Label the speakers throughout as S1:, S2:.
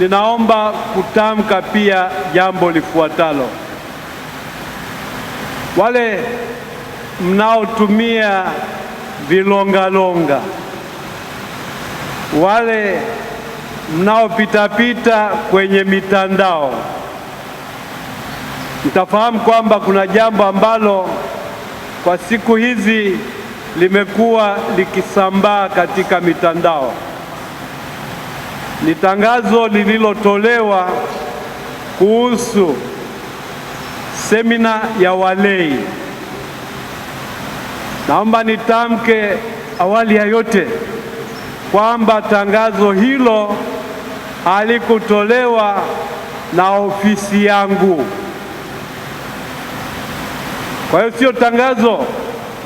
S1: ninaomba kutamka pia jambo lifuatalo: wale mnaotumia vilongalonga, wale mnaopitapita kwenye mitandao, mtafahamu kwamba kuna jambo ambalo kwa siku hizi limekuwa likisambaa katika mitandao ni tangazo lililotolewa kuhusu semina ya walei. Naomba nitamke awali ya yote kwamba tangazo hilo halikutolewa na ofisi yangu. Kwa hiyo sio tangazo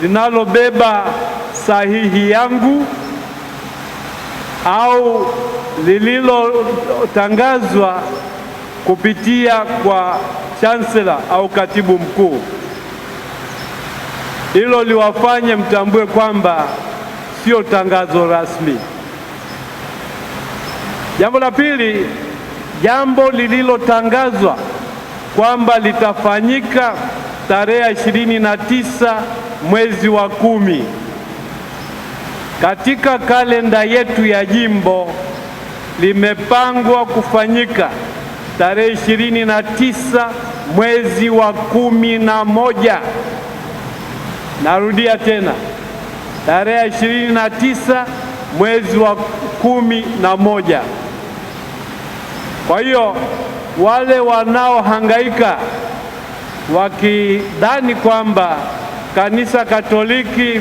S1: linalobeba sahihi yangu au lililotangazwa kupitia kwa chansela au katibu mkuu. Hilo liwafanye mtambue kwamba sio tangazo rasmi. Jambo la pili, jambo lililotangazwa kwamba litafanyika tarehe ya ishirini na tisa mwezi wa kumi katika kalenda yetu ya jimbo limepangwa kufanyika tarehe ishirini na tisa mwezi wa kumi na moja. Narudia tena tarehe ishirini na tisa mwezi wa kumi na moja. Kwa hiyo wale wanaohangaika wakidhani kwamba kanisa Katoliki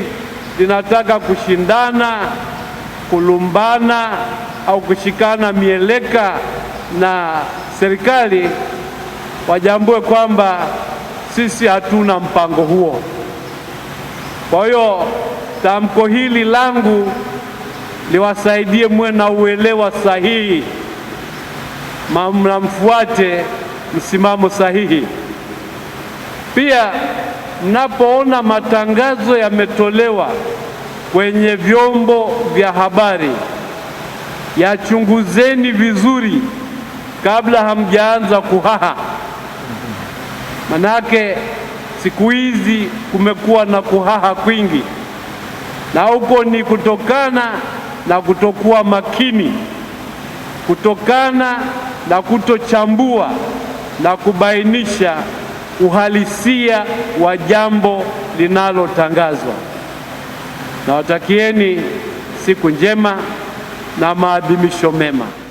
S1: linataka kushindana, kulumbana au kushikana mieleka na serikali, wajambue kwamba sisi hatuna mpango huo. Kwa hiyo tamko hili langu liwasaidie mwe na uelewa sahihi, mnamfuate msimamo sahihi. Pia mnapoona matangazo yametolewa kwenye vyombo vya habari, yachunguzeni vizuri kabla hamjaanza kuhaha, manake siku hizi kumekuwa na kuhaha kwingi, na huko ni kutokana na kutokuwa makini, kutokana na kutochambua na kubainisha uhalisia wa jambo linalotangazwa. Nawatakieni siku njema na maadhimisho mema.